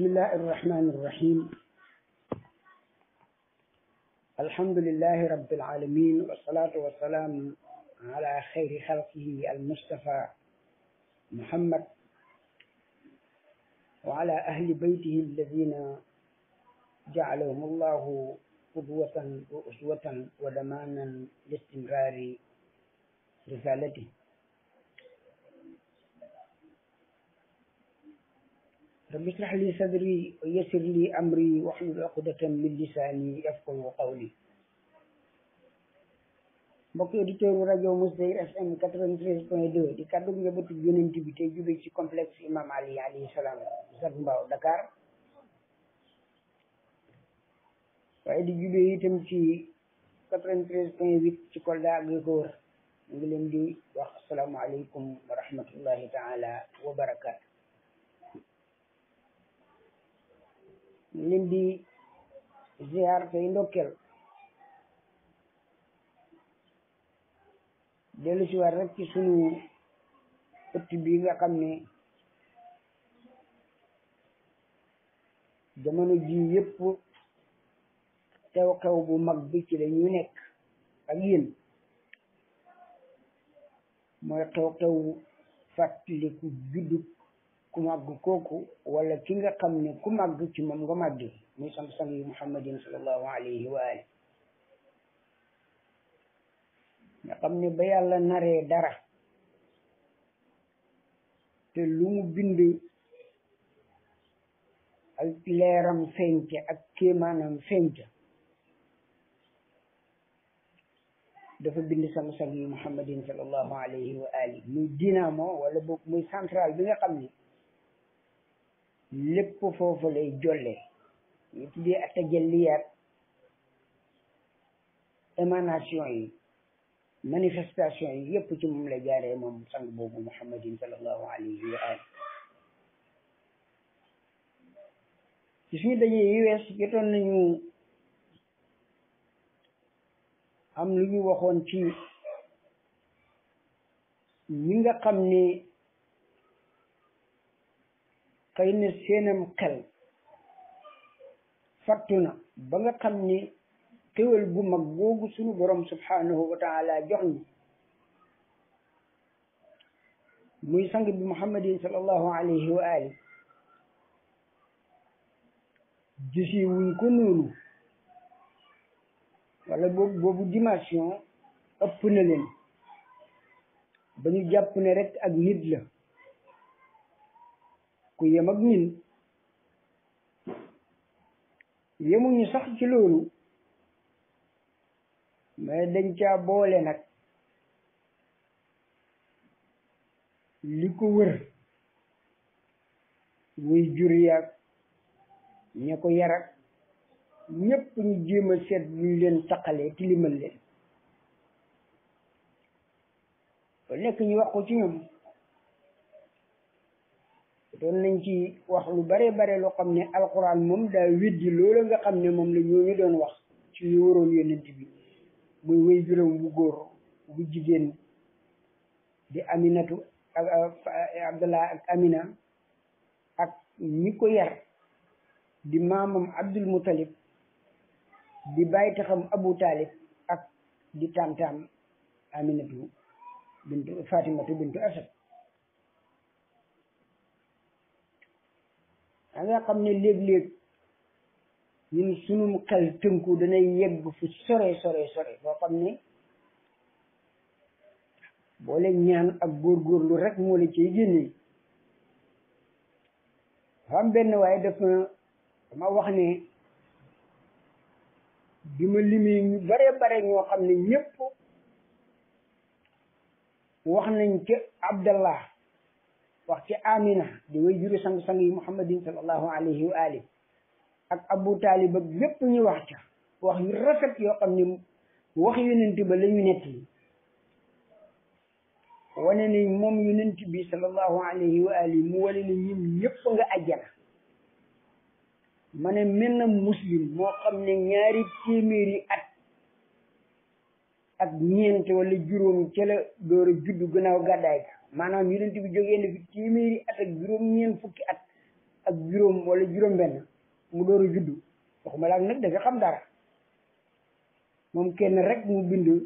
bismillahi irrahmani irrahim alhamdulilahi rabbil alamin wasalaatu wasalaamu ala xayri xalqihi almustafa muhammad wa ala ahli baytihi alladina jacalahum allahu qudwatan wa uswatan wa damanan listimraari risalatihi rabbi ishrah li sadri wa yassir li amri wahlul uqdatan min lisani yafqahu qawli mbokk auditeur u rajo Mousdahir FM 93.2 di kàddu njabootu yonent bi jube ci complexe imam ali alayhi salaam zac mbaaw Dakar waaye di jube itam ci 93.8 ci Kolda ak li ko wër ngi leen di wax asalaamaaleykum wa rahmatullahi taala wa barakaatu ñu leen di ziar tey ndokkeel dellu si ci sunu ëtt bi nga xam ne jamono ji yëpp xew-xew bu mag bi ci la ñu nekk ak yéen mooy xew-xew fàttaliku juddu ku màgg kooku wala ki nga xam ne ku màgg ci moom nga màgg muy sam-sam yu muhammadin sallallahu alayhi wa ali nga xam ne ba naree dara te lu mu bind ak leeram fenc ak kéemaanam fenc dafa bind sam-sam yu muhammadin sallallahu alayhi wa ali muy dynamo wala boog muy central bi nga xam lépp foofu lay jolle yi tuddee atajalliyaat émanation yi manifestation yi yépp ci moom la jaaree moom sang boobu muhammadin sallallahu alayhi wa ali ci suñu dajee yi wees jotoon nañu am lu ñu waxoon ci ñi nga xam ni xëy na seenam xel fattu na ba nga xam ni xéwal gu mag googu sunu borom subhanahu wa taala jox ni muy sang bi muhammadin sallallahu alayhi wa ali gisi wuñ noonu wala boobu boobu dimension ëpp ba ñu jàpp ne rekk ak nit ku yem ak ñin yemuñu sax ci loolu mais dañ caa boole nag li ko wër muy jur yaag ña ko yarak ñépp ñu jéem a seet luñ leen taqalee tilimal leen ba nekk ñu wax ci ñoom doon nañ ci wax lu bare bare loo xam ne alquran moom daa weddi loolu nga xam ne moom la ñooñu doon wax ci li waroon yonent bi muy wéy bu góor bu jigéen di aminatu ak abdallah ak amina ak ñi ko yar di maamam abdul mutalib di bàyyi taxam abu taalib ak di taam taam aminatu fatimatu bintu asad da nga xam ne léeg-léeg ñun sunum xel tënku danay yegg fu sore sore sore boo xam ne boole ñaan ak góorgóorlu rek moo ci ciy génne xam benn waaye dafa dama wax ne bi ma limee ñu bare bare ñoo xam ne ñépp wax nañ ca Abdallah wax ci Amina di way juri sang-sang yi muhammadin sallallahu alayhi wa ali ak Abu Talib ak lépp ñu wax ca wax yu rafet yoo xam ne wax yonent ba la ñu nett yi wane ni moom yonent bi sallallahu alayhi wa ali mu wane ni ñun ñëpp nga ajjana ma ne menn muslim moo xam ne ñaari téeméeri ak ñeent wala juróom ca la door a juddu gannaaw gàddaay ga maanaam yonent bi jógee na fi téeméeri at ak juróom-ñeent fukki at ak juróom wala juróom-benn mu door a juddu waxuma la ak nag xam dara moom kenn rek mu bind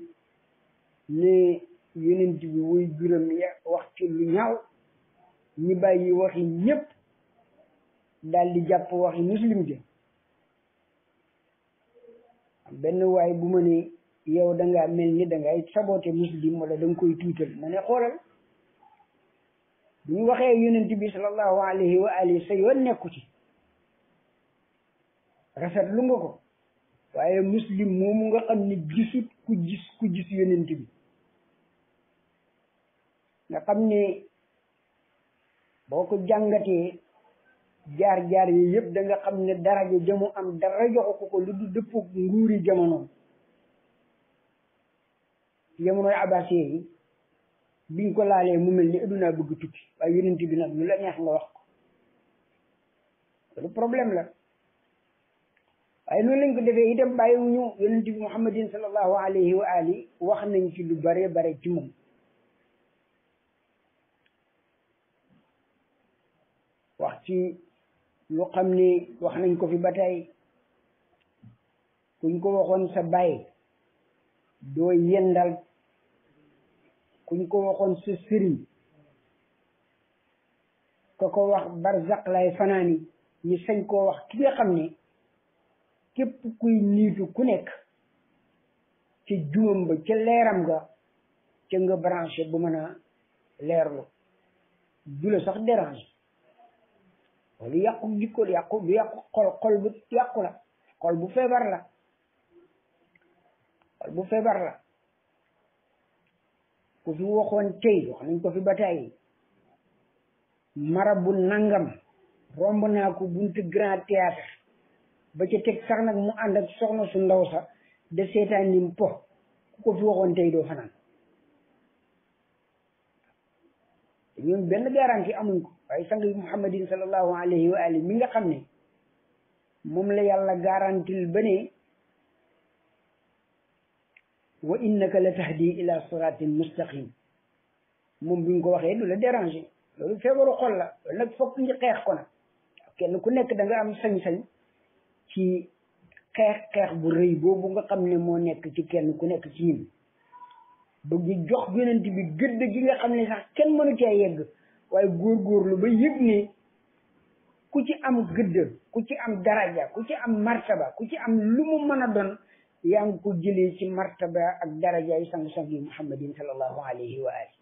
ne yonent bi woy juróom ya wax ci lu ñaaw ñi bàyyi waxi ñépp daal di jàpp waxi muslim ja benn waay bu ma ne yow dangaa mel ni dangay saboté muslim wala danga koy tuutal ma ne xoolal bi ñu waxee yonent bi sallallahu alayhi wa alihi nekku ci rafet nga ko waaye muslim moomu nga xam ne xam ne boo ko jàngatee jaar-jaar yi yëpp da xam ne daraja jamu am dara joxu ko lu du dëppoog nguuri jamonoom jamonoy abbasiye yi biñ ko laalee mu mel ni addunaa bëgg tukki waaye yonent bi nag lu la neex nga wax ko loolu problème la waaye noonu lañ ko defee itam bàyyiwuñu yonent bi muhammadin sallallahu alayhi wa wax nañ ci lu bare bare ci moom wax ci lu xam ni wax nañ ko fi ba tey kuñ ko waxoon sa bàyyi doo yendal ku ñu ko waxoon sa sëriñ ka ko wax la lay fanaani ñi sañ koo wax ki nga xam ni képp kuy niitu ku nekk ca juumam ba ca leeram nga ca nga branché bu mën a leerlu du sax dérange wala yàqu jikko yàqu du yàqu xol xol bu yàqu la xol bu feebar la xol feebar la ku fi waxoon tey wax nañ ko fi ba tey marabu nangam romb naa ko buntu grand théâtre ba ca teg sax nag mu ànd ak soxna su ndaw sa de seetaan nim po ku ko fi waxoon tey doo fanaan ñun benn garantie amuñ ko waaye sang muhammadin sallallahu alayhi wa mi nga xam ne moom la yàlla garantil ba ne wa innaka la tahdi ila siratin mustaqim moom bi ko waxee du la déranger loolu feebaru xol la loolu nag fokk ñu xeex ko nag kenn ku nekk danga am sañ-sañ ci xeex xeex bu rëy boobu nga xam ne moo nekk ci kenn ku nekk ci ñun ba ñu jox yonent bi gëdd gi nga xam ne sax kenn mënu cee yegg waaye góorgóorlu ba yëg ne ku ci am gëdd ku ci am daraja ku ci am martaba ku ci am lu mu mën a doon yaa ngi ko jëlee ci martaba ak darajaay sang-sang yi muhammadin sallallahu alayhi wa ali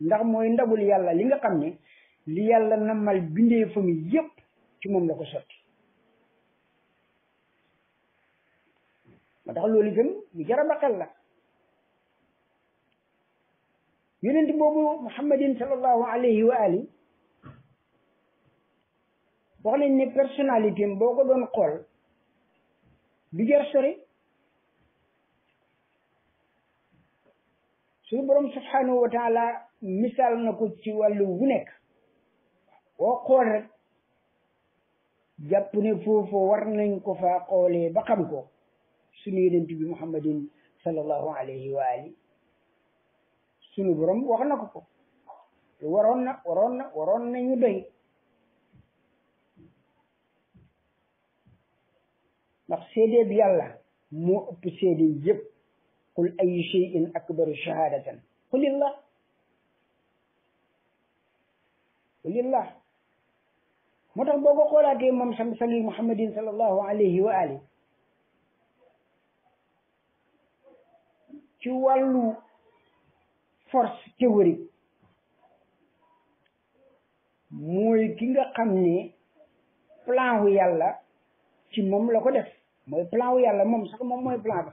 ndax mooy ndabul yàlla li nga xam ni li yàlla namal bindee fa mi ci moom la ko sotti ma tax loolu itam lu jar a baqal la yonent boobu muhammadin sallallahu alayhi wa ali wax nañ ne personnalité boo ko doon xool du jar sori suñu borom subhanahu wa misaal na ko ci wàllu wu nekk boo xool rek ne foofu war nañ ko fa xoolee ba xam ko suñu yonent bi muhammadin sallallahu alayhi wa ali suñu borom ko ko waroon na waroon na waroon nañu doy ndax seede bi yàlla moo ëpp seede yëpp qul ayu cheyin akbaru shahadatan qulillah qulillah moo tax boo ko xoolaatee moom sam sangi muhammadin sallallahu alayhi wa ci force théorique mooy ki nga xam ne plan wu yàlla ci moom la ko def mooy plan wu yàlla moom sax moom mooy plan ba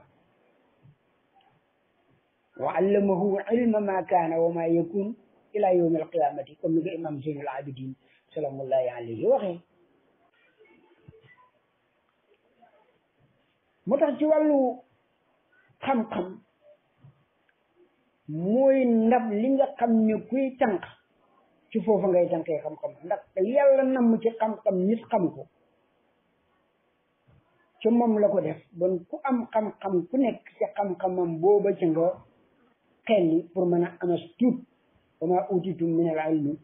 wa allamahu ilma ma kaana wa ma yakun ila yawm alqiyamati comme ni ko imam zeynul abidin salaamullahi waxee moo tax ci wallu xam-xam mooy ndab li nga xam ne kuy tànk ci foofu ngay tànkee xam-xam ndax yàlla namm ci xam-xam nit xam ko ci moom la ko def bon ku am xam-xam ku nekk ci xam-xamam booba ci nga xelli pour mën a amas tuut wa maa utitum min al ilmi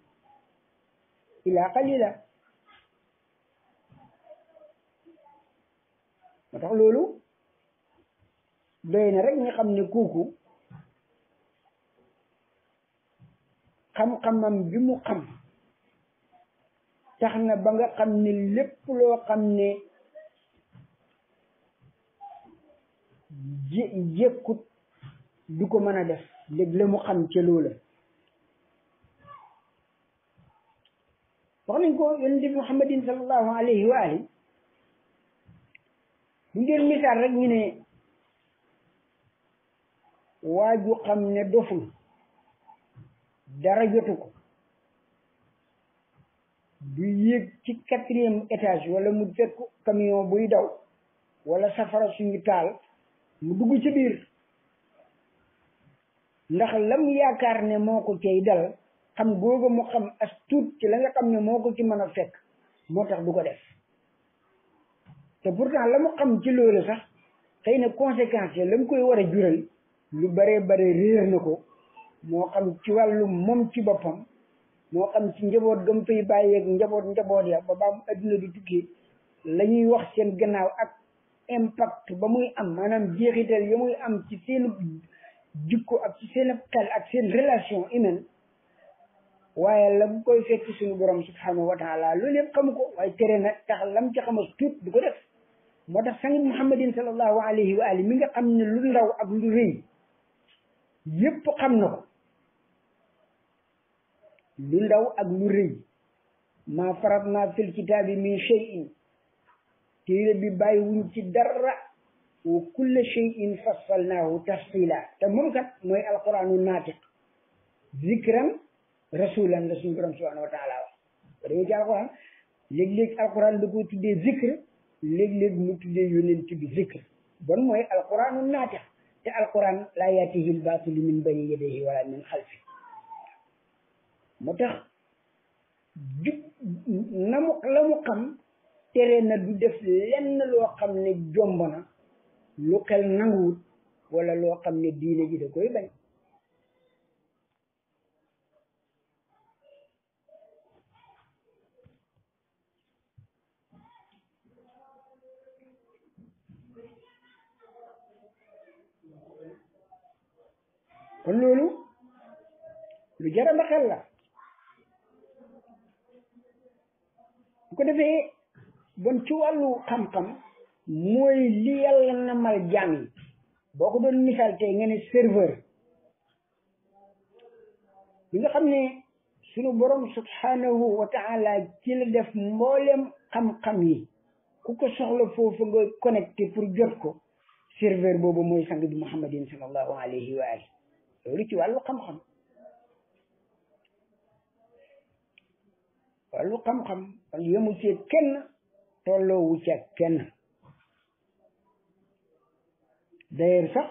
illa qalila moo loolu doy na rek ñu xam ne kooku xam-xamam bi mu xam tax na ba nga ne lépp loo xam ne jékkut du ko mën a def dëgg la mu xam ca loola wax nañ ko yonente bi muhammadin sallallahu alayhi wa ali bu ne waa ju dara jotu ko du yéeg ci quatrième étage wala mu fekk camion buy daw wala safara suñu taal mu dugg ci biir ndax lam yaakaar ne moo ko cay dal xam googu mu xam as tuut ci la nga xam ne moo ko ci mën a fekk moo tax du ko def te pourtant la mu xam ci loolu sax xëy na conséquences yi la koy war a jural lu bare bare réer na ko moo xam ci wàllu moom ci boppam moo xam ci njaboot gam fay bàyyeeg njaboot njaboot ya ba baam adduna di tukki lañuy wax seen gannaaw ak impact ba muy am maanaam jeexital ya muy am ci seenu jikko ak seen xel ak seen relation humaine waaye la koy fekk suñu borom subhanahu wa taala loolu yëpp xamu ko waaye tere nag tax lam ci xamas tuut du ko def moo tax sangit muhammadin sallallahu alayhi wa ali mi nga xam ne lu ndaw ak lu rëy yëpp xam na ko lu ndaw ak lu rëy maa farat naa fil kitaabi min shay'in téere bi bàyyi wuñ ci dara wa kulla shay'in fassalnaahu tafsila te moom kat mooy alquranu naatiq zikran rasulan la suñu borom subhanahu wa taala wax ba dañu ci alquran léeg-léeg alquran da ko tuddee zikr léeg-léeg mu tuddee yonent bi zikr bon mooy alquranu naatiq te alquran laa yaatihi lbaatilu min bayni yadayhi wala min xalfi moo tax na mu la mu xam tere na du def lenn loo xam ne jomb na lu xel nanguwut walla loo xam ne diine ji da koy bañ kon loolu lu jarama xel la bu ko defee bon ci wàllu xam-xam mooy li yàlla namal jaam yi boo ko doon misaal tey nga ne serveur nga xam ne sunu borom subhanahu wa taala ci la def mboolem xam-xam yi ku ko soxla foofu nga connecté pour jot ko serveur boobu mooy sang bi muhammadin sallallahu alayhi wa ali loolu ci wàllu xam-xam wàllu xam-xam kon yemu ci kenn tolloowu ca kenn d'ailleurs sax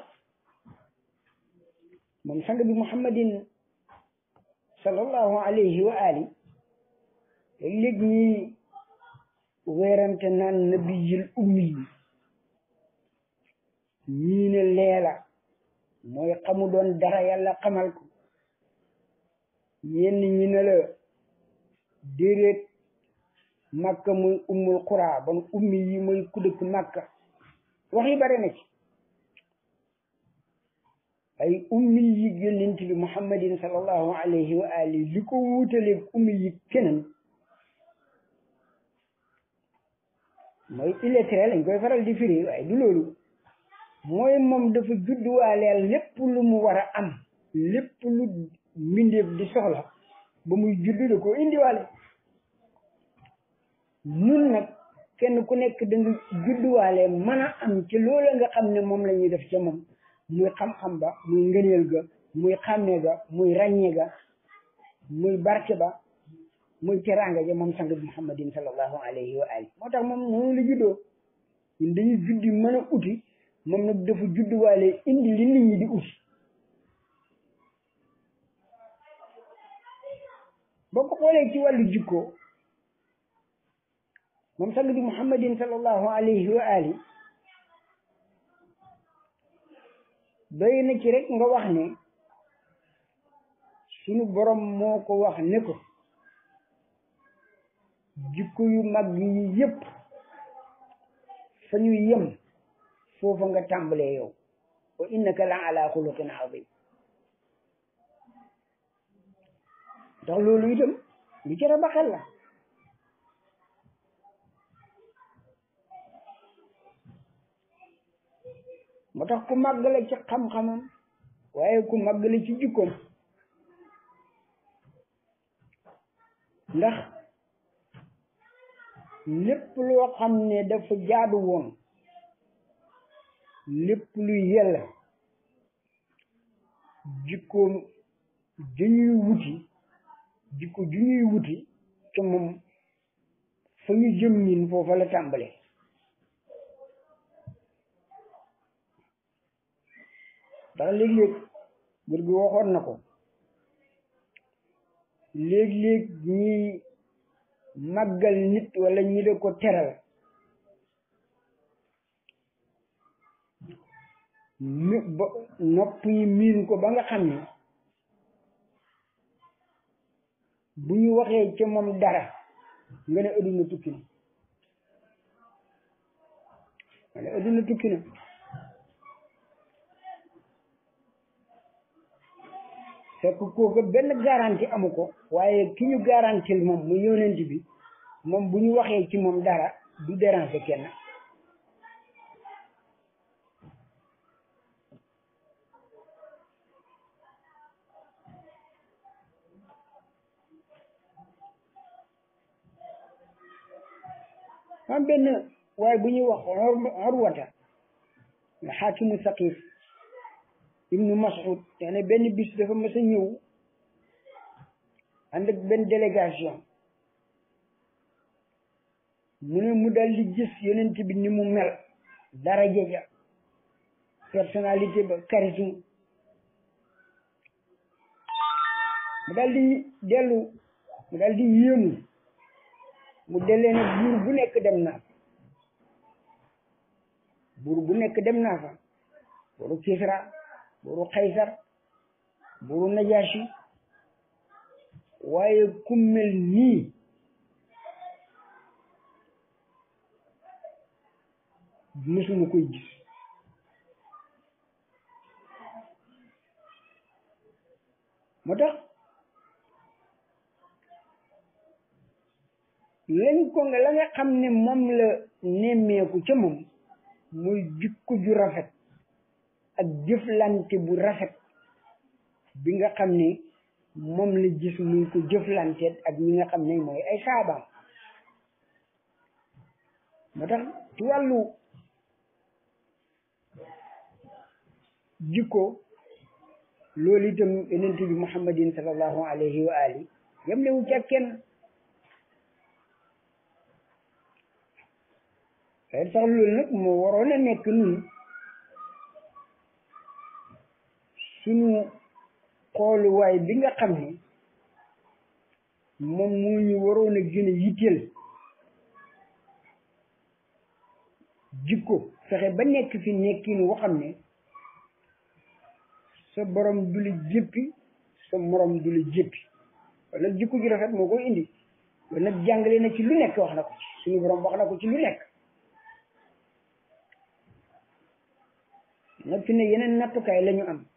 moom sang bi muhammadin sallallahu alayhi wa ali léeg-léeg ñi weerante ummi ñii leela mooy xamu doon dara yàlla xamal ko ñenn ñi ne la déedéet màkka muy ummul xuraa bon ummi mooy ku dëkk màkka wax bare na ci ay ummi yi yonent bi muhammadin sallallahu alayhi wa ali li ko wuutaleeg ummi yi keneen mooy illettré lañ koy faral di firi waaye du loolu mooy moom dafa judduwaaleel lépp lu mu war a am lépp lu mbindeef di soxla ba muy juddu da koo indiwaale nun nag kenn ku nekk da nga judduwaale mën a am ci loola nga xam ne moom lañuy ñuy def ca moom muy xam-xam ba muy ngëneel ga muy xàmmee ga muy ràññe ga muy barke ba muy teraanga ja moom sang bi muhammadin sallallahu alayhi wa ali moo tax moom mu la juddoo ñun dañuy juddi mën a uti moom nag dafa judduwaale indi li ñi di uti boo ko xoolee ci wàllu jikko moom sang bi muhammadin sallallahu alayhi wa ali doy na ci rek nga wax ne sunu borom moo ko wax ne ko jikko yu mag yi yépp fa ñu yem foofa nga tàmbalee yow wa innaka la ala xuluqin azim ndax loolu itam lu jar a la moo tax ku màggale ci xam-xamam waaye ku mag màggale ci jikkoom ndax lépp loo xam ne dafa jaadu woon lépp lu yella jikkoom dañuy wuti jikko ju wuti te moom fa ñu jëm ñin foofa la tàmbale dara léeg-léeg bur bi waxoon na ko léeg-léeg ñiy màggal nit walla ñi da ko teral mi ba nopp miin ko ba nga xam ne bu ñu waxee ca moom dara nga ne adduna tukki na nga ne adduna tukki na ku kooku benn garanti amu ko waaye ki ñu garantil moom mu yonent bi moom bu ñu waxee ci moom dara du déranger kenn am benn waaye bu ñuy wax Urwata xaakimu saqiif ibnu Mas'ud nee na benn bis dafa mas ñëw ànd benn délégation mu ne mu dal di gis bi ni mel dara jeja personnalité ba charisme mu dal di mu dal di mu dellee ne buur bu nekk dem naa fa buur dem naa fa waru Kisra buuru Qaysar buuru Najaashi waaye ku mel nii mësuma koy gis moo tax lañ ko nga la nga xam ne moom la nemmeeku ca moom muy jikko ju rafet ak jëflante bu rafet bi nga xam ni moom la gis muy ko jëflante ak ñi nga xam ne mooy ay saabaam moo tax ci wàllu jikko loolu itam yonent bi muhammadin sallallahu alayhi wa ali yam lewu ci ak kenn sax loolu nag moo waroon a nekk nun suñu xooluwaay bi nga xam ni moom mu ñu waroon a gën a yitteel jikko fexe ba nekk fi nekkin woo xam ne sa borom du la jéppi sa morom du la jéppi wala jikko ju rafet moo koy indi loolu na ci lu wax na ko ci suñu borom wax na ko ci lu nekk nag fi ne yeneen nattukaay lañu am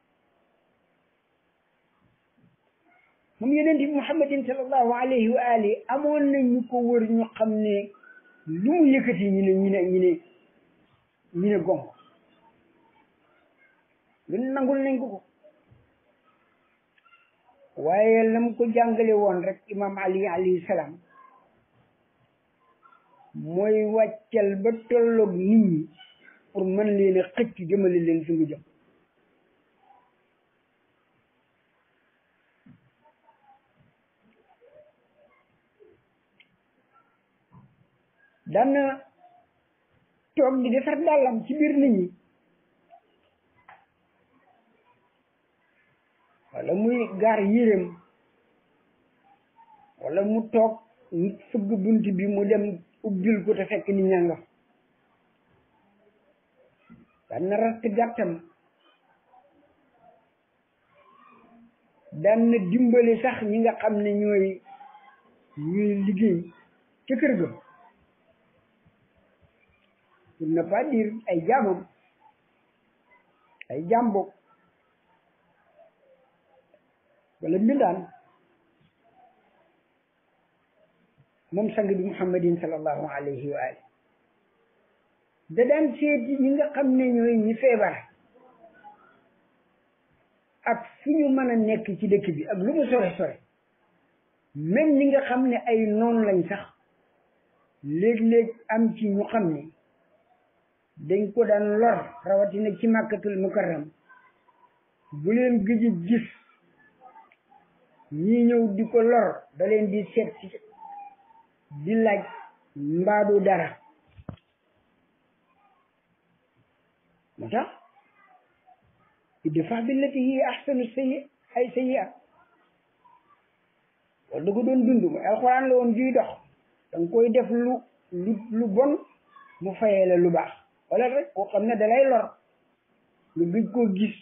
moom yeneen bi muhammadin sallallahu alayhi wa ali amoon nañ ko wër ñu xam ne lu mu yëkkati ñu ne ñu ne ñu ne ñu ne gom lu nangul nañ ko ko waaye lam ko jàngale woon rek imam ali alayhi salaam mooy wàccal ba tolloog nit ñi pour mën leen a xëcc jëmale leen fi nga jëm daan na toog di defar dàllam ci biir nit ñi wala muy gar yéreem wala mu toog nit fëgg bunt bi mu dem ubbil ko te fekk ni ñanga daan ratt gàttam daan na sax ñi nga xam ne ñooy liggéey ca ga pour ne pas dire ay jaamam ay jàmbog wala mbindaan moom sang bi muhammadin sallallahu alayhi wa ali da daan seeti ñi nga xam ne ñooy ñi feebar ak fu ñu mën nekk ci dëkk bi ak lu mu sore sore même ñi nga xam ne ay noon lañ sax léeg-léeg am ci ñu xam ne dañ ko daan lor rawatina ci màkkatul mukarram bu leen gëju gis ñi ñëw di ko lor da di seet di laaj mbaadu dara moo tax idfa billati hiya ahsanu sayyi ay sayyi'a wala da ko doon dund mooy alxuraan la woon juy dox danga koy def lu lu lu bon mu fayee la lu baax wala rek koo xam ne da lay lor lu gëj koo gis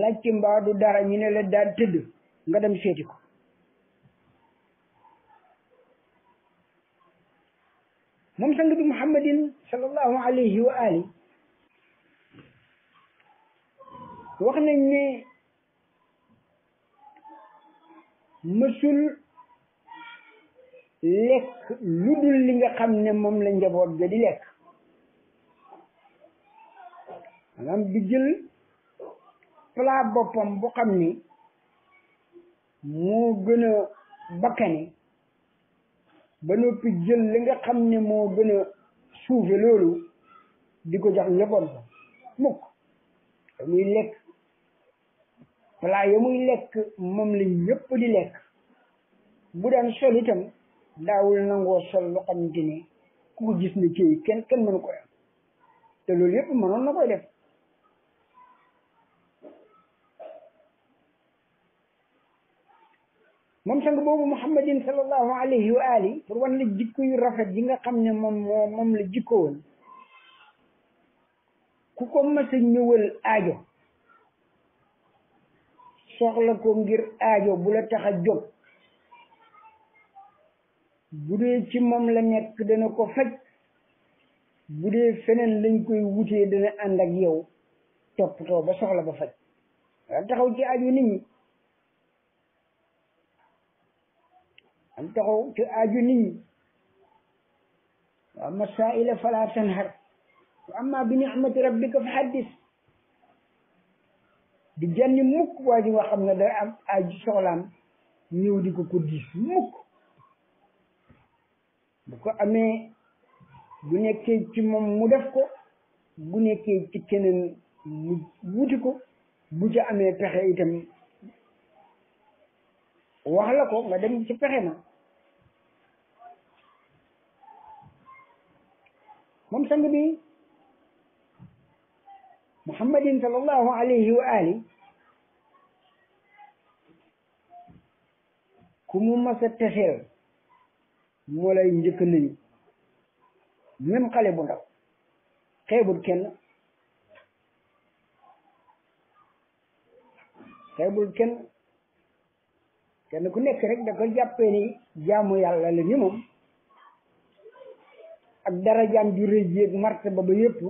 laajte mbaa du dara ñu la daan tëdd nga dem seeti ko moom sang bi muhammadin sallallahu alayhi wa ali wax nañ ne mësul lekk lu dul li nga xam ne moom la njaboot ga di lekk maanaam di jël plat boppam bu xam ni moo gën a bakkani ba noppi jël li nga xam ne moo gën a suufe loolu di ko jax njaboot ba mukk ya lekk plat ya lekk moom la ñëpp di lekk bu daan sol itam daawul nangoo sol lu xamante ne ku ko gis ne ci kenn kenn mënu koy am te loolu yëpp mënoon na koy def moom sang boobu muhammadin sallallahu alayhi wa ali pour wan na jikko yu rafet yi nga xam ne moom moo moom la jikkowoon ku ko mas a ñëwal aajo soxla ko ngir aajo bu la tax a jóg bu dee ci moom la nekk dana ko faj bu dee feneen lañ koy wutee dana ànd ak yow toppatoo ba soxla ba faj wala taxaw ci aajo nit ñi am taxaw ci aaju nit ñi wa amma saa'ila fala tanhar wa amma bi ni'mati rabbika fa haddis di janni mukk waa ji xam ne day am aaju soxlaam ñëw di ko ko diis mukk bu ko amee bu nekkee ci moom mu def ko bu nekkee ci keneen mu wuti ko bu ca amee pexe itam wax la ko nga dem ci pexe ma moom sang bi muhammadin sallallahu alayhi wa ali ku masa texeel moo lay njëkk nuyu même xale bu ndaw xeebul kenn xeebul kenn kenn ku nekk rek da ko jàppee ni jaamu yàlla la ni moom ak darajaam ju rëy ji ak martaba ba yëpp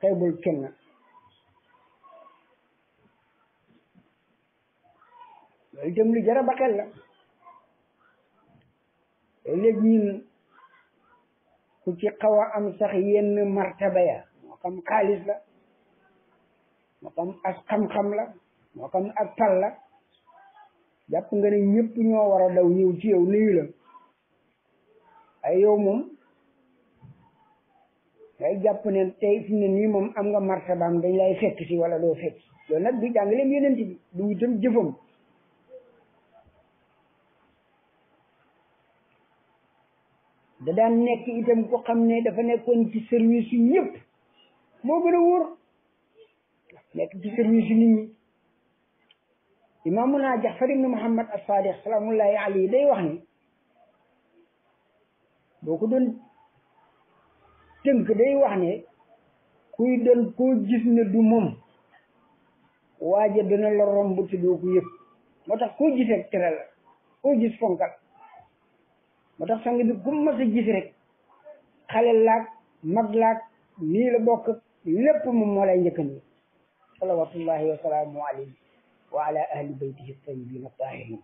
xeebul kenn loolu itam lu jara ba xel la léegi ñun ku ci xaw a am sax yenn martaba ya moo xam xaalis la moo xam as xam-xam la moo xam ak pal la jàpp nga ne ñëpp ñoo war a daw ñëw ci yow nuyu la ay yow moom ngay jàpp ne tey fi nii moom am nga martabaam dañ lay fekk si wala doo fekk loolu nag du jàngaleem yonent bi du itam jëfam da daan nekk itam ko xam ne dafa nekkoon ci service yu ñëpp moo gën a wóor nekk ci service nit ñi imaamuna Jaafar ibnu Muhammad as-Saadiq salaamullahi alayhi day wax ni boo ko doon tënk day wax ni kuy doon koo gis ne du moom waaja dana la romb te doo ko yëpp moo tax koo gis rek tere la koo gis fonkal moo tax sang bi ku mas a gis rek xale laag mag laag nii la bokk lépp moom moo lay njëkkan wa salaamu alayhi wa ala ahli baytihi tayyibin tahirin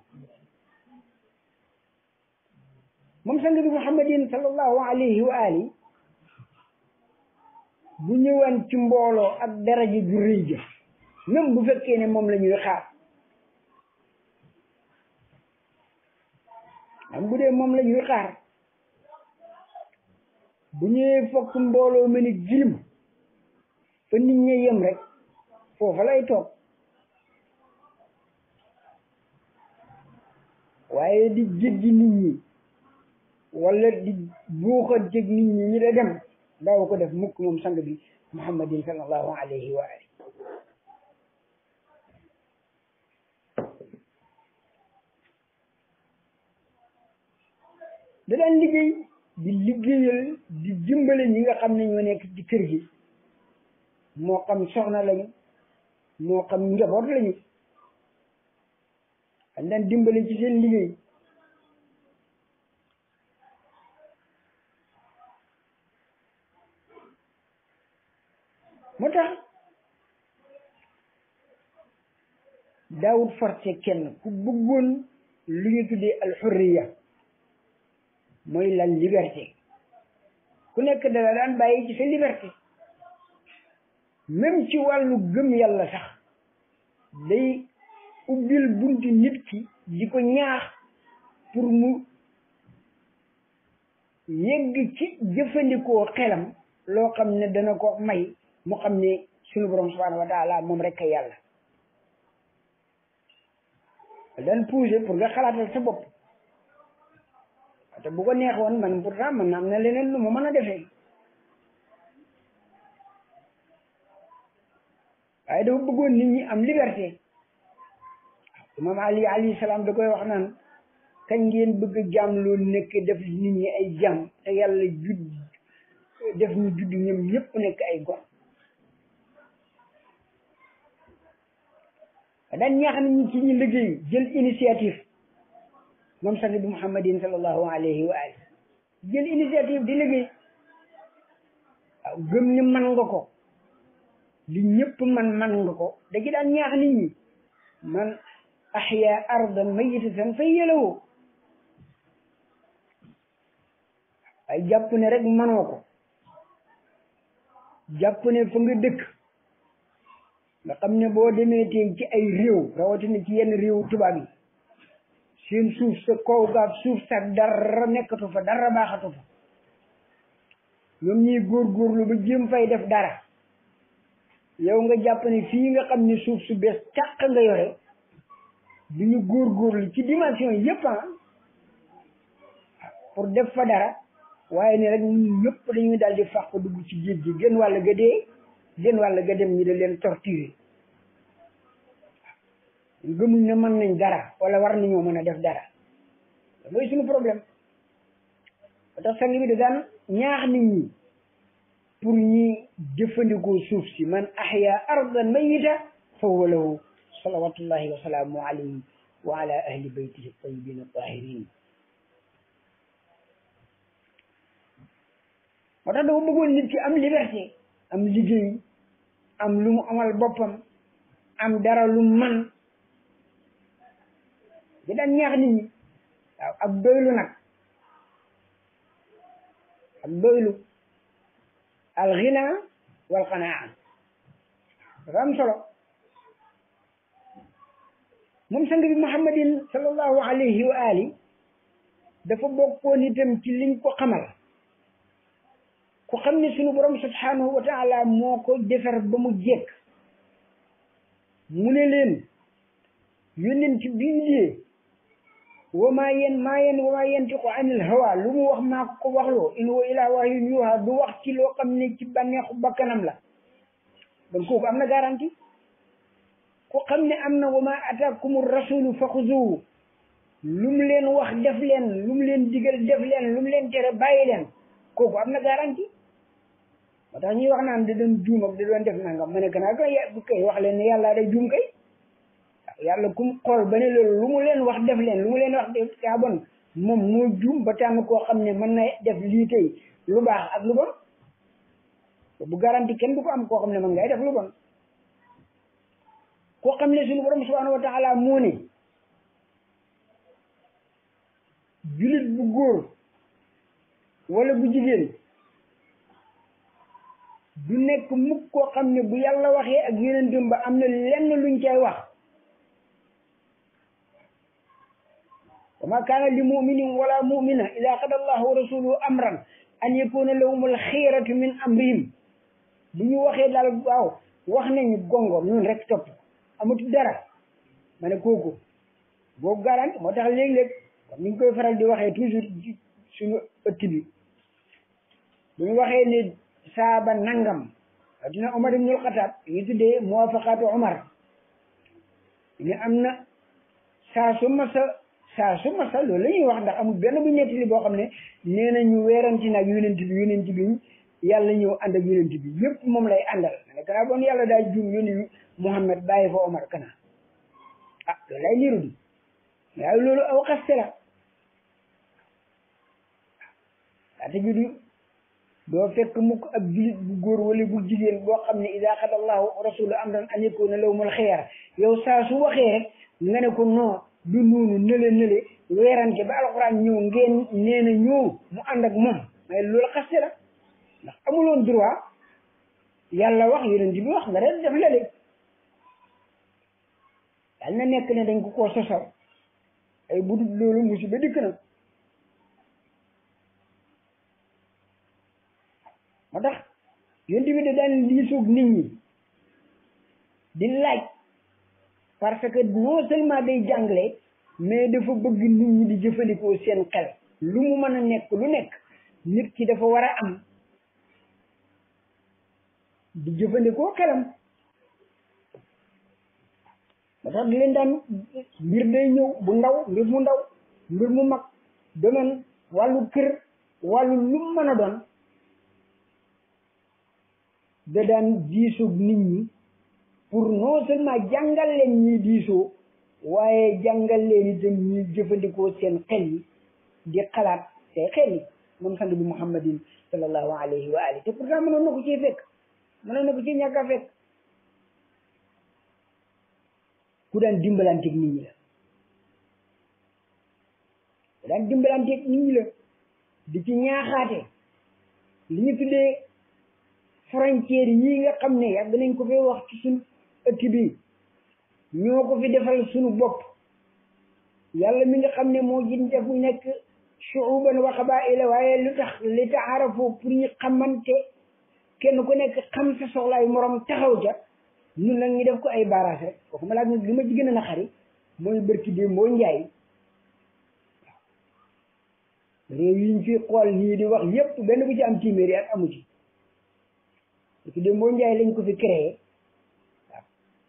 moom sang bi muhammadin sallallahu alayhi wa ali bu ñëwaan ci mbooloo ak daraja ju rëy bu fekkee ne moom la ñuy xaar am bu dee moom lañuy xaar bu ñëwee fokk mbooloo mel ni gilim fa nit ñi rek foofa lay toog waaye di jéggi nit ñi wala di buuxanteeg nit ñi ñi da dem daaw ko def mukk moom sang bi muhammadin sallallahu alayhi wa ali da daan liggéey ñi nga xam ne nekk ci kër gi moo xam soxna lañu moo xam njaboot lañu dañ daan dimbale ci seen liggéey moo tax daawut forcé kenn ku bëggoon lu ñu tuddee alxurriya mooy la liberté ku nekk dala daan bàyyi ci sa liberté même ci wàllu gëm yàlla sax day ubbil bunti nit ki di ko ñaax pour mu yegg ci jëfandikoo xelam loo xam ne dana ko may mu xam ne suñu borom subhanahu wa moom rek kay yàlla daan poussé pour nga xalaatal sa bopp te bu ko neexoon man pourtant man am na leneen lu ma mën a defee waaye dafa bëggoon nit ñi am liberté moom Ali alayhi salaam da koy wax naan kañ ngeen bëgg a jaam loolu nekk def nit ñi ay jaam te yàlla judd def ñu judd ñoom ñëpp nekk ay gor daan ñaax nañu ci ñu liggéey jël initiative moom sang bi Muhammadin sallallahu alayhi jël initiative di liggéey waaw ni man nga ko li ñëpp man man nga ko da daan ñaax nit ñi man أحيا أرضا ميتة فهي له ay jàpp ne rek mënoo ko jàpp ne fa nga dëkk nga xam ni boo demee tey ci ay réew rawatina ci yenn réew tubaab yi seen suuf sa kaw gaaf suuf sa dara nekkatu fa dara baaxatu fa ñoom ñuy góorgóorlu ba jéem fay def dara yow nga jàpp ne fii nga xam ni suuf su bees càq nga yore du ñu góorgóorlu ci dimension yëpp ah pour def fa dara waaye ne rek ñun ñëpp dañuy daal di fàq dugg ci géej gi gën wàll ga dee gën wàll ga dem ñi da leen torturer gëmuñ ne mën nañ dara wala war nañoo mën a def dara mooy suñu problème ba tax sang bi da daan ñaax nit ñi pour ñi jëfandikoo suuf si man ahya ardan mayita fa huwa lahu salawatullahi wa salaamu alayhi wa ala ahli baytihi tayyibin tahirin moo tax dafa bëggoon nit ki am liberté am liggéey am lu mu amal boppam am dara lu man di daan ñaax nit ñi waaw ak doylu nag ak doylu al ghina wal qanaa dafa am solo moom sang bi muhammadin sallallahu alayhi wa ali dafa bokkoon itam ci liñ ko xamal ku xam ne sunu borom subhanahu wa taala moo ko defar ba mu jekk mu ne leen yónnent bi liyee wa maa yen maa yen wa maa yantiqu anil hawa lu mu wax maa ko waxloo in huwa illaa wahyun yuuhaa du wax ci loo xam ne ci bànneexu bakkanam la donc kooku am na garantie ku xam ne am na wa ma ataakumu rasulu fa xuzuhu lu mu leen wax def leen lu mu leen digal def leen lu mu leen tere bàyyi leen kooku am na garantie moo tax ñuy wax naan da doon juum ak da doon def nangam ma ne gannaaw bu koy wax leen ne yàlla day juum kay yàlla kum mu xool ba ne loolu lu mu leen wax def leen lu mu leen wax def yaa bon moom moo juum ba tànn koo xam ne mën na def lii tey lu baax ak lu bon bu garantie kenn du ko am koo xam ne mën ngay def lu bon koo xam ne suñu borom subhanahu wa taala moo ne jullit bu góor wala bu jigéen du nekk mukk koo xam ne bu yàlla waxee ak yeneen dëm ba am na lenn luñ cay wax wa ma kaana li muminin wala mumina ida qada allahu wa rasuluhu amran an yakuna lahumul xiyaratu min amrihim bu ñu waxee daal waaw wax nañu gongo ñun rek topp amatul dara ma ne kooku boobu garant moo tax léeg-léeg comme ni koy faral di waxee toujours suñu ëtt bi bu ñu waxee ne saaba nangam dina Omar ibnul Xataab ñu tuddee muwafaqaatu Omar ñu am na saa su ma sa saa su ma sa wax ndax amul benn bu nettali boo xam ne nee na ñu weeranti nag yonent bi yonent bi yàlla ñëw ànd ak yonent bi yëpp moom lay àndal. mais gannaaw yàlla daay juum yónni Mouhamed bàyyi fa Omar kana ah loolu lay niru di waaye loolu aw xaste la ju du doo fekk mukk ab julit bu góor wala bu jigéen boo xam ne ida xada allahu rasulu amran an yakuna lawmul yow saa su waxee rek nga ne ko non du noonu nële nële ba alxuraan ñëw ngeen nee ñëw mu ànd ak moom mais loolu xaste ndax amuloon droit yàlla wax yonent bi wax nga rek def lale dañ na nekk dañ ko koo sosal ay budut loolu musiba dikk na moo tax yonent bi da daan diisoog nit ñi di laaj parce que non seulement day jàngale mais dafa bëgg nit ñi di jëfandikoo seen xel lu mu mën a nekk lu nekk nit ki dafa war a am di jëfandikoo xelam ba tax leen daan mbir day ñëw bu ndaw mbir mu ndaw mbir mu mag domaine wàllu kër wàllu lu mën a doon da daan diisoog nit ñi pour non seulement jàngal leen ñuy diisoo waaye jàngal leen itam jëfandikoo seen xel yi di xalaat say xel yi moom sang bi muhammadin sallallahu alayhi wa alihi te pourtant mënoon na ko cee fekk mënoon na ko cee ñàkk a fekk ku daan dimbalanteeg nit ñi la ku daan dimbalanteeg nit ñi la di ci ñaaxaate li ñu tuddee frontière yi nga xam ne yàgg nañ ko fee wax ci suñu ëtt bi ñoo ko fi defal suñu bopp yàlla mi nga xam ne moo jin def mu nekk shuuban wa qabaa'ila waaye lu tax li taxarafu pour ñu xamante kenn ku nekk xam sa soxlaay moroom taxaw ja ñun la ñu def ko ay barrage rek kooku ma laaj li ma ci gën a naqari mooy bërki bi moo njaay waaw réew yi ñu fi xool nii di wax yépp benn bu ci am téeméeri ak amu ci bërki bi njaay lañ ko fi créé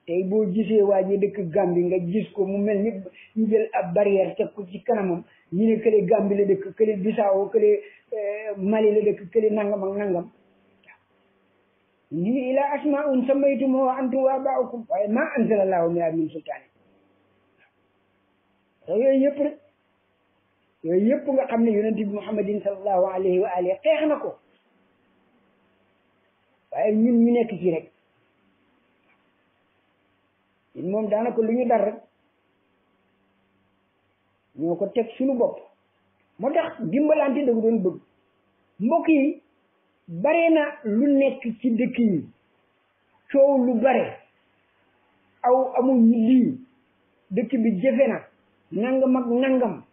waaw boo gisee waa ji dëkk Gambie nga gis ko mu mel ni ñu jël ab barrière teg ko ci kanamam ñu ne kële Gambie la dëkk kële Bissau kële eh, Mali la dëkk kële nangam ak nangam lii ilaa asmaa'un sammaytumuuhaa antum wa aabaa'ukum waaye maa anzala llaahu bihaa min sultaan yooyu yëpp yooyu yëpp nga xam ne yonent bi Muhammadin sallallahu xeex na ko waaye ñun ñu nekk ci rek moom daanako lu ñu dar rek ñoo ko teg suñu bopp moo tax dimbalante da ko doon bëgg mbokk yi. bare na lu nekk ci dëkk yi coow lu bare aw amul lii dëkk bi jëfe na nangam ak nangam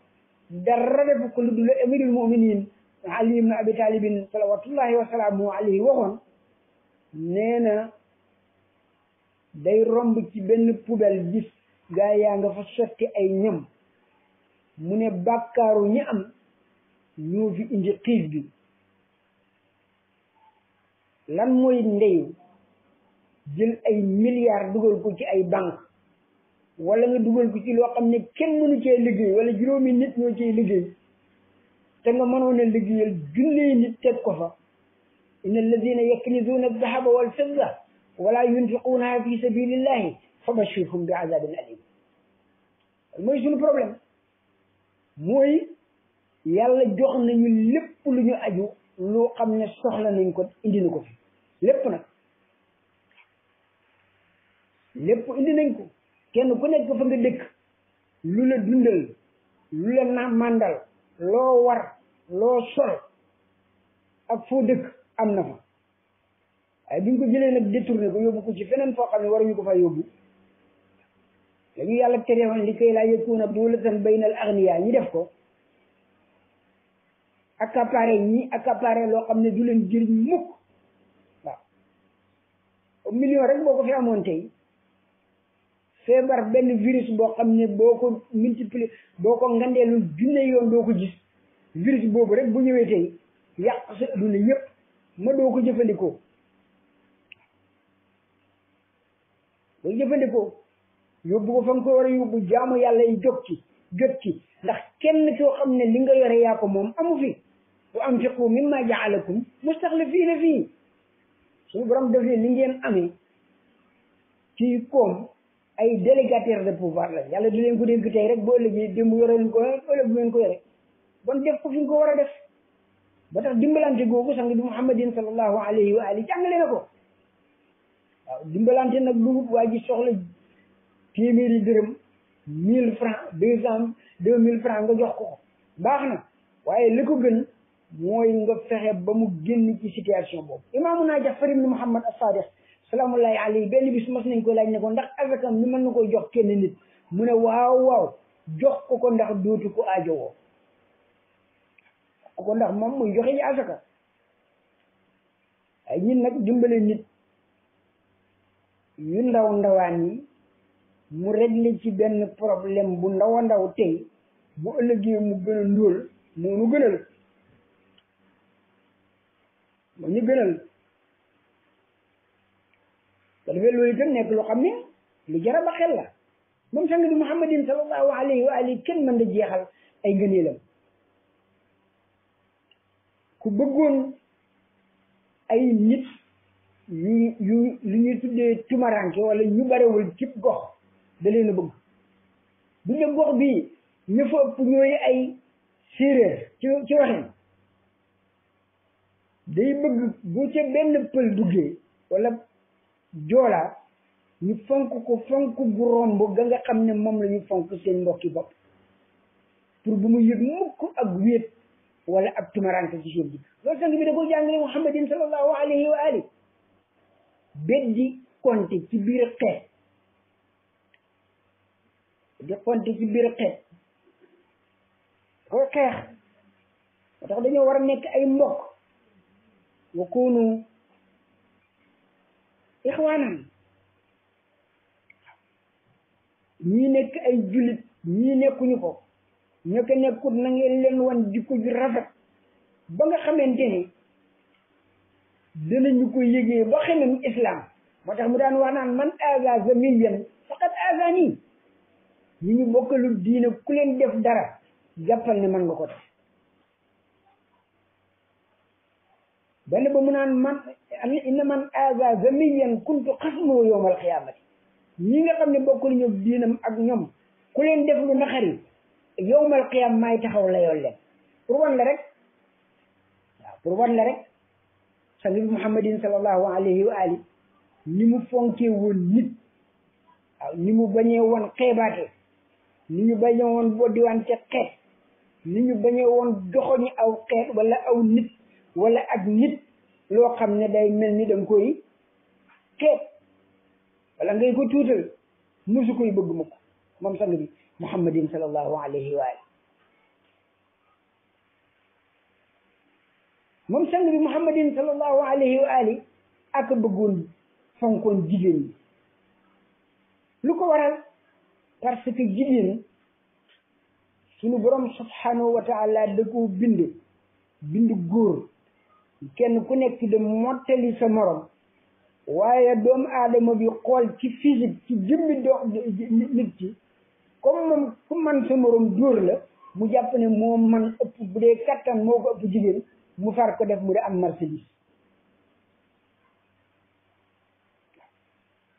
dara def ko lu dul amirul muminin ali ibn abi wa salaamu alayhi waxoon nee na day romb ci benn poubelle gis gaa yaa nga fa sotti ay ñam mu ne bàkkaaru ñi am ñoo fi indi xiif bi lan mooy ndeyu jël ay milliards dugal ko ci ay banque wala nga dugal ko ci loo xam ne kenn mënu cee liggéey wala juróomi nit ñoo cee liggéey te nga mënoon a liggéeyal junni nit teg ko fa inna alladina yaknizuuna aldahaba walfidda wala yunfiquunaha fi sabilillahi fa bashirhum bi azabin alim mooy suñu problème mooy yàlla jox nañu lépp lu ñu aju lu xam ne soxla nañ ko indi na ko fi lépp na lépp indi nañ ko kenn ku nekk fa nga dëkk lu la dundal lu la na màndal loo war loo sol ak foo dëkk am na fa waaye buñ ko jëlee nag détourné ko yóbbu ko ci feneen foo xam ne waruñu ko fa yóbbu dañu yàlla terewoon li koy laa yëkkuuna duulatan baynal agniyaa ñi def ko accaparé ñi accaparé loo xam ne du leen jëriñ mukk waaw million rek boo ko fi amoon tey feebar benn virus boo xam ne boo ko multiplier boo ko ngandeelu junne yoon doo ko gis virus boobu rek bu ñëwee tey yàq sa adduna yëpp ma doo ko jëfandikoo doo jëfandikoo yóbbu ko fa nga ko war a yóbbu jaamu yàlla yi jot ci jot ci ndax kenn koo xam ne li nga yore yaa ko moom amu fi wa anfiqu mimma jaalakum mustaxlafina fii suñu borom def ne li ngeen amee ci koom ay délégataire de pouvoir la yàlla di leen ko dénk tey rek boo ëllëgee démb yore leen ko ëllëg bu leen ko yore bon def ko fi ñu ko war a def ba tax dimbalante googu sang bi muhammadin sallallahu alayhi wa ali ko waaw dimbalante nag lu waa ji soxla téeméeri dërëm mille francs deux mille francs nga jox ko baax na waaye li gën mooy nga fexe ba mu génn ci situation boobu imaamuna Jafar ibn Muhammad as-Sadiq salaamullahi alayhi benn bis mas nañ ko laaj ne ko ndax azakam ni mën na koy jox kenn nit mu ne waaw waaw jox ko ko ndax dootu ko aajowoo ko ndax moom muy joxe ji azaka ay ñun nag dimbale nit yu ndaw ndawaan yi mu réglé ci benn problème bu ndaw a ndaw tey bu ëllëgee mu gën a ndóol moo nu gënal moo ñu gënal te defee loolu itam nekk loo xam ne lu jar a ba xel la moom sang bi muhammadin sallallahu alayhi wa kenn mën da jeexal ay ngëneelam ku bëggoon ay nit yu yu lu ñuy tuddee tumaranke wala ñu barewul cib gox da a bëgg bu dee gox bi ña fa ëpp ay séeréer ci waxin day bëgg bu ca benn pël duggee wala joolaa ñu fonk ko fonk gu romb ga nga xam ne moom la ñu fonk seen mbokki bopp pour bu mu yëg mukk ak wéet wala ak tumaranke ci seen bi loolu sang bi da ko muhammadin sallallahu alayhi wa ali beddi konte ci biir xeet di konte ci biir xeet koy xeex moo dañoo war a nekk ay mbokk wa kunu ixwaanam ñii nekk ay jullit ñii nekkuñu ko ñoo nekkut na ngeen leen wan jikko ju rafet ba nga xamante ni danañu ko yëgee ba xamem islam moo tax mu daan wax naan man aza zamiyan faqad aza nii ñi ñu bokkalul diine ku leen def dara jàppal ne man nga ko def benn ba mu naan man inna man aza zamiyan kuntu xasmoo yowmal xiyaamati ñi nga xam ne bokkul ñoom diinam ak ñoom ku leen def lu naxari yowmal xiyaam maay taxaw layool leen pour wan la rek waaw pour wan la rek sang bi muhammadin sallallahu alayhi wa ali ni mu fonkee woon nit waaw ni mu bañee woon xeebaate ni ñu bañee woon boddiwaan xeet ni ñu bañee woon doxoñi aw xeet wala aw nit wala ak nit loo xam ne day mel ni da nga koy xeeb wala ngay ko tuutal musu koy bëgg mukk moom sang bi muhammadin sallallahu alayhi wa ali moom sang bi muhammadin sallallahu alayhi wa ali ak bëggoon fonkoon jigéen ñi lu ko waral parce que jigéen sunu borom subhanahu wa taala da koo bind bind góor kenn ku nekk ci de mottali sa morom waaye doomu aadama bi xool ci physique ci jëmmi do nit ci comme moom ku man sa morom dóor la mu jàpp ne moo man ëpp bu dee kattan moo ko ëpp jigéen mu far ko def mu dee am marchandise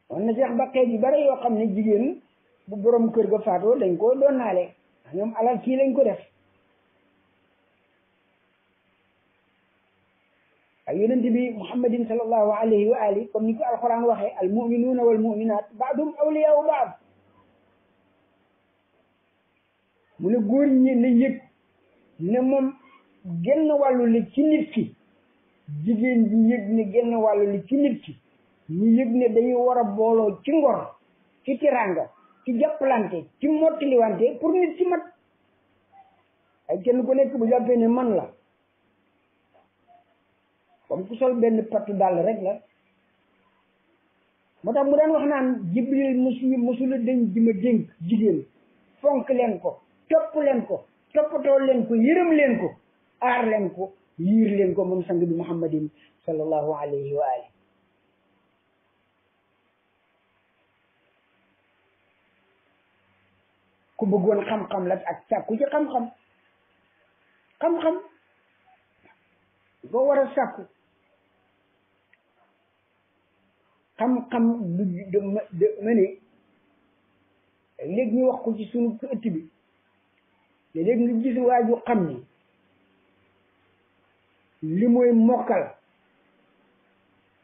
wan na seex baqee bi bare yoo xam ne jigéen bu borom kër ga faatoo dañ ko doon naale ñoom alal kii lañ ko def waaye yonente bi muhammadin sallallahu wa ali comme ni ko alquran waxee al muminuuna wal muminat baadum awliyaau baad mu ne góor ñi na yëg ne moom genn wàllu li ci nit ki jigéen ji yëg ne genn wàllu li ci nit ki ñu yëg ne dañu war a booloo ci ngor ci tiranga ci jàppalante ci mottaliwante pour nit ci mat ay kenn ku nekk bu jàppee ne man la comme ku sol benn pattu dàll rek la moo tax mu daan wax naan jibril musu musula dañ di ma dénk jigéen fonk leen ko topp leen ko toppatoo leen ko yërëm leen ko aar leen ko yiir leen ko moom sang bi muhammadin sallallahu alayhi wa ali ku bëggoon xam-xam la ak sàkku ci xam-xam xam-xam ko war a sàkku xam-xam du ma ma ne léegi wax ko ci sunu ëtt bi léegi nga gis waa ju xam ni li mooy mokkal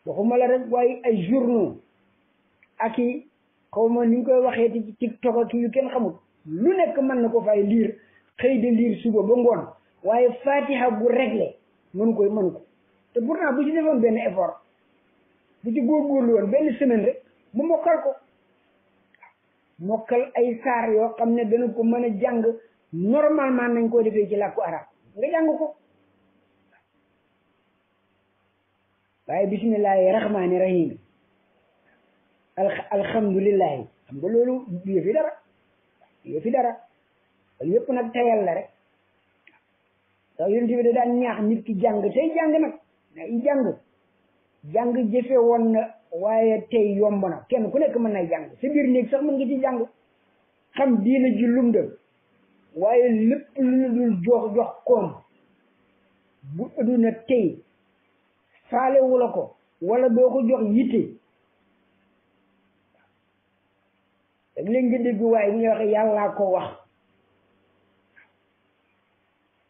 waxuma la rek waaye ay journaux aki i ma ni ñu koy waxee ci TikTok ak yu kenn xamul lu nekk mën na ko fay liir xëy de liir suba ba ngoon waaye fatiha bu réglé mënu koy mënu ko te pourtant bu ci defoon benn effort bu ci góorgóorlu woon benn semaine rek mu mokkal ko mokkal ay saar yoo xam ne dana ko mën a jàng normalement nañ koo defee ci làkku arab nga jàng ko waaye bisimillahi rahmaani rahim alhamdulillahi xam nga loolu yëfi dara yëfi dara yëpp nag tayal la rek waaw yonent bi da daan ñaax nit ki jàng tey jàng nag i jàng jàng jëfe woon na waaye tey yomb na kenn ku nekk mën na jàng sa biir néeg sax mën nga ci jàng xam diina ji lum waaye lépp lu la dul jox jox koom bu adduna tey faalewu la ko walla doo ko jox yitte ak léegi nga dégg waaye ñuy wax yàllaa ko wax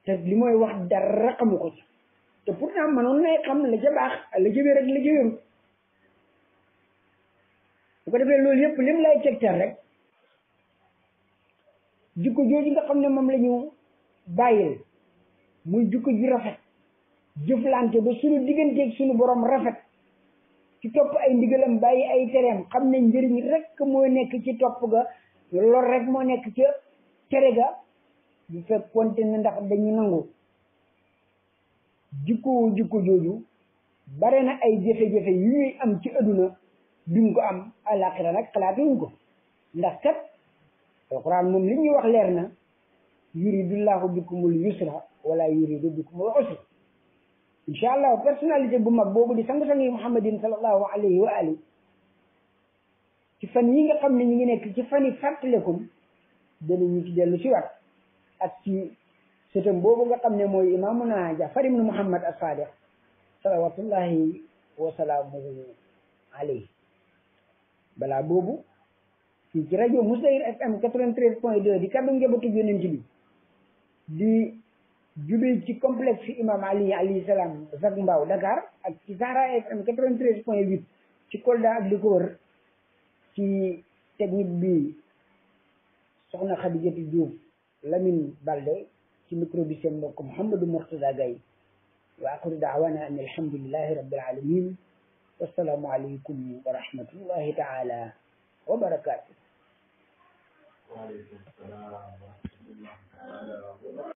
te li wax dara xamu ko te pourtant mënoon na xam la ca baax la ca wér la ca wérut bu ko defee loolu yëpp lim lay tegtal rek jikko jooju nga xam ne moom la ñu bàyyil muy jukko ju rafet jëflante ba suñu digganteeg suñu borom rafet ci topp ay ndigalam bàyyi ay tereem xam ne njëriñ rek moo nekk ci topp ga lor rek moo nekk ci tere ga bu fekkonte ne ndax dañu nangu jikkoo jikko jooju bare na ay jafe-jafe yu ñuy am ci adduna duñ ko am àllaaxira nag xalaatuñ ko ndax kat alquran moom li ñuy wax leer na yuridullahu bikumul yusra wala yuridu bikumul usra incha allah personnalité bu mag boobu di sang-sang yi muhammadin sallallahu alayhi wa ali ci fan yi nga xam ne ñu ngi nekk ci fani fàttalekum danañu ci dellu si waat ak ci sëtam boobu nga xam ne mooy imaamuna Jafar ibnu Muhammad as-Sadiq salawatullahi wasalaamuhu alayhi balaa boobu fii ci rajo Moussaïr FM 93 point 2 di kaddu njabootu yonent bi di jubee ci complexe imam Ali alayhi salaam Zac Mbao Dakar ak ci Zahra FM 93 point 8 ci Kolda ak li ko wër ci technique bi soxna Khadijatu Diouf Lamine Balde ci micro bi seen mbokk Mouhamadou Mourtada Gaye wa aqulu daawana an alhamdulillahi rabbil alamin wassalaamu aleykum wa rahmatullahi taala wa barakaatu. waaleykum salaam wa rahmatullahi taala wa barakaatu.